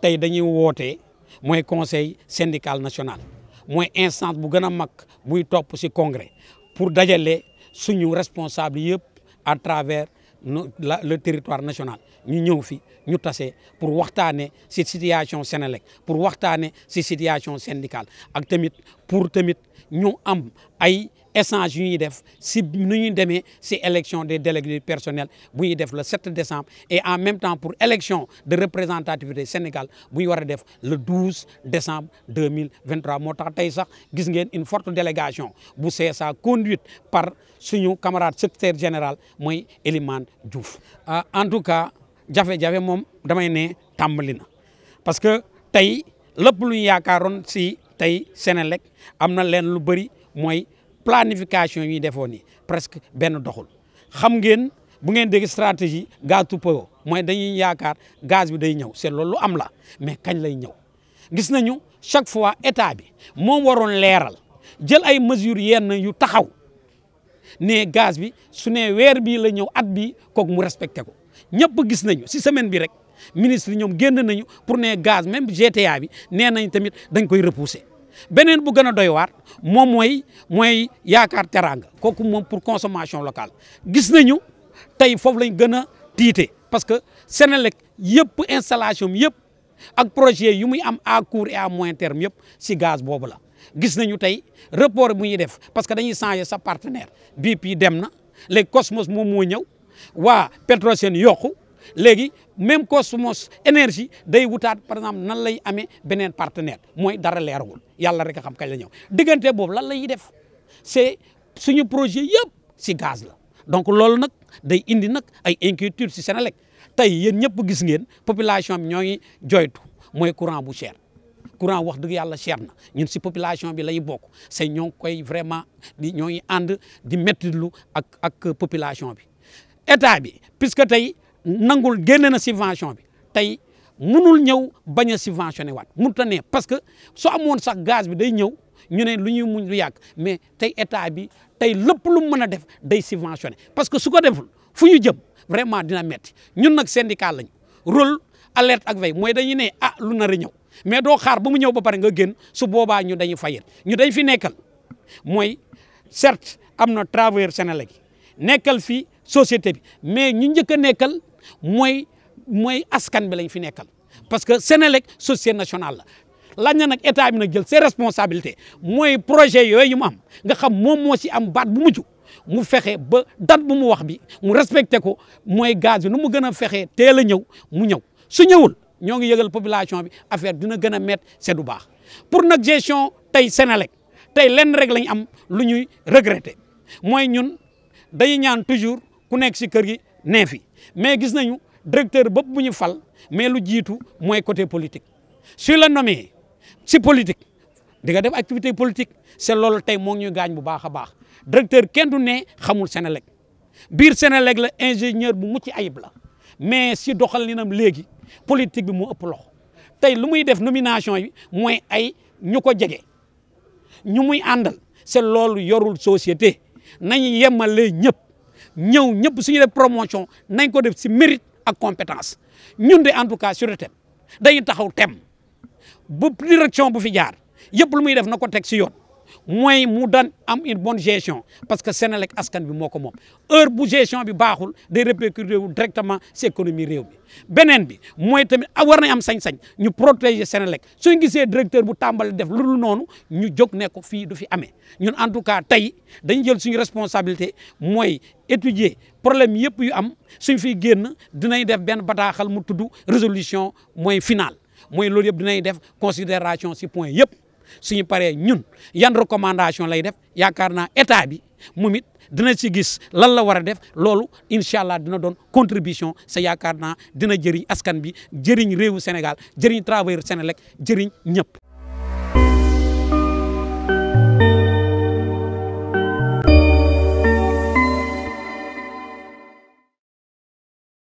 tay dañuy woté moy conseil syndical national moy instance bu gëna mak pour buy ci congrès pour dajalé suñu responsable yépp à travers le territoire national ñu ñëw fi ñu tassé pour waxtané ci situation Senelec pour waxtané ci situation syndicale ak tamit pour tamit ñu am ay essentiel si nous sommes demee élection des délégués personnels personnel le 7 décembre et en même temps pour l'élection de représentativité Sénégal le 12 décembre 2023 nous avons une forte délégation bu ça conduite par suñu camarade secrétaire général Eliman Eliman Diouf. Euh, en tout cas jafé jafé mom damay né tambalina parce que tay lepp lu ñu si tay Sénélec amna na lu planification yi defoon ni presque benn doxul xam ngeen bu ngeen dégg stratégie gaz tout mooy dañuy yaakaar gaz bi day ñëw c'est loolu lu am la mais kañ lay ñëw gis nañu chaque fois état bi moom waroon leeral jël ay mesures yenn yu taxaw ne gaz bi su ne weer bii la ñëw at bi kooku mu respecté ko ñëpp gis nañu si semaine bi rek ministre ñoom génn nañu pour ne gaz même GTA bi nee nañ tamit dañ koy repousser benen bu gëna doy waar mom moy moy yaakar teranga kooku mom pour consommation locale gis nañu tay fofu lañ gëna tité parce que Senelec yëpp installation yëpp ak projet yu muy am à court et à moyen terme yëpp ci gaz bobu la gis nañu tay report bu ñuy def parce que dañuy changer sa partenaire BP dem na les Cosmos mom mo ñëw wa Petrosen yokku léegi même Cosmos énergie day wutaat par exemple nan lay amee beneen partenaire mooy dara leeragul yàlla rek a xam kañ la ñëw diggante boobu lan lay def c'est suñu projet yëpp si gaz la donc loolu nag day indi nag ay inquiétude si Senelec tey yéen ñëpp gis ngeen population bi ñoo ngi joytu mooy courant bu cher courant wax dëgg yàlla cher na ñun si population bi lay bokk c'est ñoo ngi koy vraiment di ñoo ngi ànd di méttitlu ak ak population bi état bi puisque tey nangul génne na subvention bi tey munul ñëw bañ a subventionné waat mënut a ne parce que soo amoon sax gaz bi day ñëw ñu ne lu ñuy mu lu yàgg mais tey état bi tey lépp lu mu mën a def day subventionné parce que su ko deful fu ñu jëm vraiment dina metti ñun nag syndicat lañu rôle alerte ak veille mooy dañu ne ah lu nar a ñëw mais doo xaar ba mu ñëw ba pare nga génn su boobaa ñu dañu fayal ñu dañ fi nekkal mooy certes am na travailleur sénégalais nekkal fi société bi mais ñu njëkk a nekkal mooy mooy askan bi lañ fi nekkal parce que Senelec société nationale la. laaj na nag état bi nag jël ses responsabilités mooy projet yooyu mu am nga xam moom moo si am baat bu mu mujj mu fexe ba date bu mu wax bi mu respecté ko mooy gaz bi nu mu gën a fexee teel a ñëw mu ñëw su ñëwul ñoo ngi yëgal population bi affaire dina gën a métti c'est du baax pour nag gestion tey Senelec tey lenn rek lañ am lu ñuy regretter mooy ñun dañuy ñaan toujours ku nekk si kër gi nee fi mais gis nañu directeur bopp bu ñu fal mais lu jiitu mooy côté politique su la nommé si politique di nga def activité politique c'est loolu tey moo ngi ñuy gaañ bu baax a baax directeur kenn du ne xamul Senelec biir Senelec la ingénieur bu mucc ay la mais si doxalinam léegi politique bi mu ëpp loxo tey lu muy def nomination yi mooy ay ñu ko jege ñu muy àndal c'est loolu yorul société nañ yemale ñëpp. ñëw ñëpp suñu def promotion nañ ko def si mérite ak compétence ñun de en tout cas sur le thème dañuy taxaw thème bu direction bu fi jaar yëpp lu muy def na ko teg si yoon moy mu daan am une bonne gestion parce que Sénélec askan bi moko mom heure bu gestion bi baxul day répercuter directement si économie réew bi benen bi moy tamit war nañ am sañ-sañ ñu protéger Sénélec suñ gisee directeur bu tambal def lu nonu, ñu jog ne fi du fi amé ñun en tout cas tay dañu jël suñu responsabilité moy étudier problème yépp yu am suñ fi génn dinañ def ben bataaxal mu tuddu résolution moy finale moy loolu yépp dinañ def considération ci point yépp suñu paree ñun yan recommandation lay def yaakaar naa état bi moom it dina ci gis lan la war a def loolu incha allah dina doon contribution sa yaakaar naa dina jëriñ askan bi jëriñ réewu Sénégal jëriñ travailleur Sénélec jëriñ ñëpp